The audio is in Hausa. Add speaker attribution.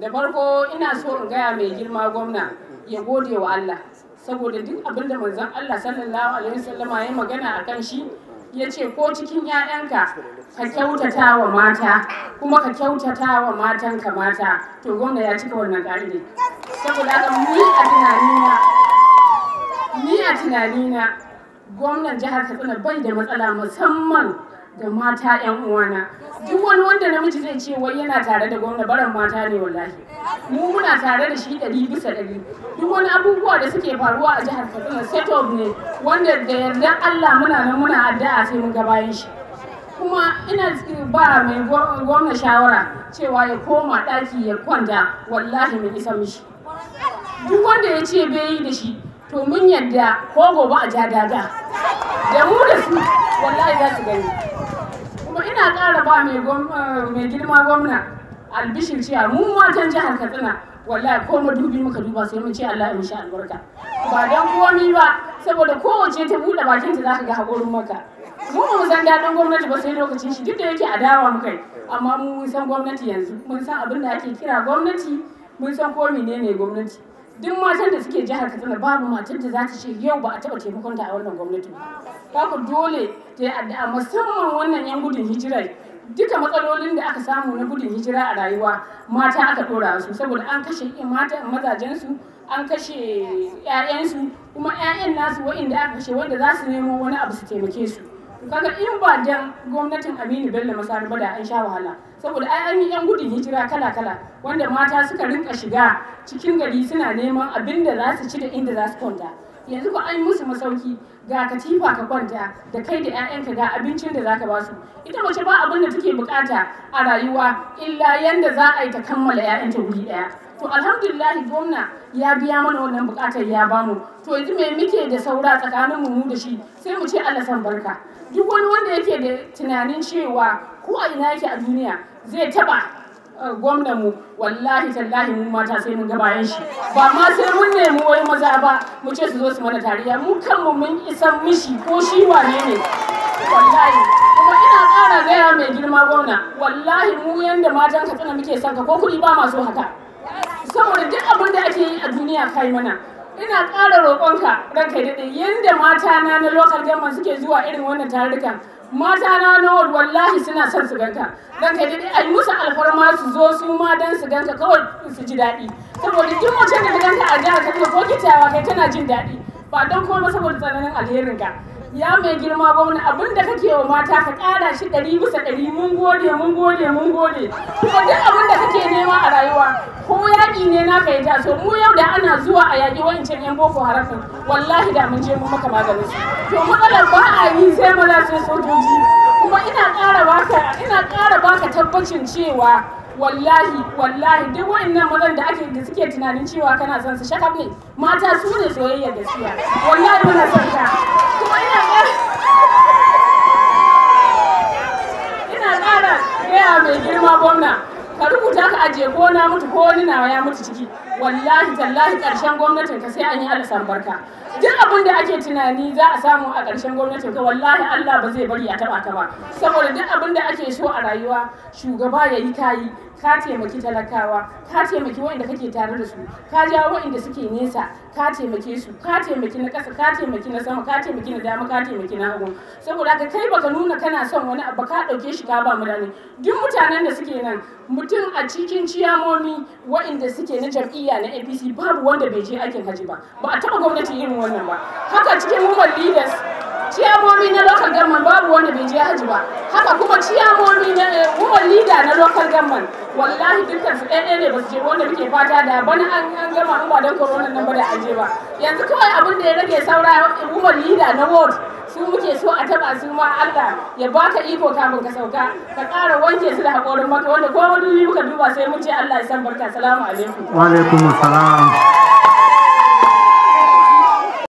Speaker 1: da farko ina so in gaya mai girma gwamna ya gode wa Allah saboda duk abin da manzon Allah sallallahu alaihi wasallama ya magana a kan shi ya ce ko cikin 'ya'yanka ka kyautata wa mata kuma ka kyautata wa matanka mata to gwamna ya cika wannan ka'idar saboda haka ni a tunanina ni a tunanina gwamnan jihar Katsina bai da matsala musamman da mata yan uwana duk wani wanda namiji zai ce wai yana tare da gwamna barin mata ne wallahi mu muna tare da shi ɗari bisa ɗari duk wani abubuwa da suke faruwa a jihar katsina setop ne wanda da yardan allah muna nan muna addu'a sai mun ga bayan shi kuma ina ba mai gwamna shawara cewa ya koma ɗaki ya kwanta wallahi mai isa mishi duk wanda ya ce bai yi da shi to mun yadda ko gobe a ja daga da mu da su wallahi za su gani kuma ina ƙara ba mai eh, girma gwamna albishir cewa mu matan jihar katsina wallahi ko mu dubi muka duba sai mun ce Allah ya mishi albarka ba dan komi ba saboda kowace ta bude bakin ta zaka ga hakorin maka mu ba mu san dadin gwamnati ba sai lokacin shi duk da yake dawa mu kai, amma mu san gwamnati yanzu mun san abin da ake kira gwamnati mun san ko menene gwamnati duk matan da suke jihar katsina babu matan da za ta ce yau ba a taba taimakon ta a wannan gwamnati ba dole ta yi addu'a musamman wannan yan gudun hijira duka matsalolin da aka samu na gudun hijira a rayuwa mata aka ɗora su saboda an kashe mata mazajensu an kashe 'ya'yansu kuma 'ya'yan nasu wa'inda aka kashe wanda za su nemo wani abu su taimake su kaga in ba dan gwamnatin aminu bello ba da an sha wahala saboda ai an yi yan gudun hijira kala kala wanda mata suka rinka shiga cikin gari suna neman abin da za su ci da inda za su kwanta yanzu ko an yi musu masauki ga katifa ka kwanta da kai da 'ya'yanka ga abincin da zaka ba su ita mace ba abin da take bukata a rayuwa illa yanda za a yi ta kammala 'ya'yanta wuri daya to alhamdulillah gwamna ya biya mana wannan bukatar ya bamu to yanzu me muke da saura tsakanin mu da shi sai mu ce Allah san barka duk wani wanda yake da tunanin cewa ko a ina yake a duniya zai taɓa eh, gwamnan mu wallahi tallahi mu mata sai mun ga shi ba ma sai mun nemi wai maza ba mu ce su zo su mana tariya mu kanmu mun isan mishi ko shi wane ne wallahi kuma ina ƙara gaya mai girma gwamna wallahi mu yanda matan katsina muke son ko kuɗi ba masu haka saboda duk abin da ake yi a duniya kai mana ina ƙara roƙonka ranka daɗe yanda mata na na lokal gama suke zuwa irin wannan tarurrukan mata na nawa wallahi suna son su ganta dan ka dai ai musu alfarma su zo su ma dan su ganta kawai su ji daɗi saboda duk mace da ganta a jihar Kaduna ko kitawa kai tana jin daɗi ba don komai saboda tsananin alherin ka ya mai girma gwamna abin da kake wa mata ka ƙara shi ɗari bisa ɗari mun gode mun gode mun gode kuma duk abin da kake nema a rayuwa ko yaƙi ne na ka ta so mu yau da ana zuwa a yaƙi wancan yan boko harafin wallahi da mun je mun maka maganin su to matsalar ba a yi sai mu sojoji kuma ina ƙara baka ina ƙara baka tabbacin cewa wallahi wallahi duk wa'annan mazan da ake da suke tunanin cewa kana son su shakabe mata su ne soyayyar gaskiya wallahi muna son ta. kuma ina ina ƙara gaya mai girma gwamna ka rubuta ka ajiye ko mutu ko wani nawa ya mutu ciki wallahi tallahi ƙarshen gwamnatin ka sai an yi alasan barka duk abin da ake tunani za a samu a ƙarshen gwamnatin ka wallahi Allah ba zai bari a taɓa ka ba saboda duk abin da ake so a rayuwa shugaba ya yi kayi ka taimaki talakawa ka taimaki waɗanda kake tare da su ka ja waɗanda suke nesa ka taimake su ka taimaki na ƙasa ka taimaki na sama ka taimaki na dama ka taimaki na hagu saboda haka kai baka nuna kana son wani abu ka ɗauke shi ka ba mutane duk mutanen da suke nan mutum a cikin ciyamomi waɗanda suke na jam'iyya na APC babu wanda bai je aikin haji ba ba a taɓa gwamnati irin wannan ba haka cikin women leaders ciyamomi na local government babu wanda bai je haji ba haka kuma ciyamomi na eh, kuma leader na local government wallahi dukkan su ɗaya ne ba su je wanda muke fata da bana an gama ba don corona nan ba da aje ba yanzu kawai abin da ya rage saura eh, kuma Lida na ward su muke so a taba su ma Allah ya baka iko kafin ka sauka ka ƙara wanke su da hakorin maka wanda ko wani muka duba sai mun ce Allah ya san barka salamu alaikum wa alaikum assalam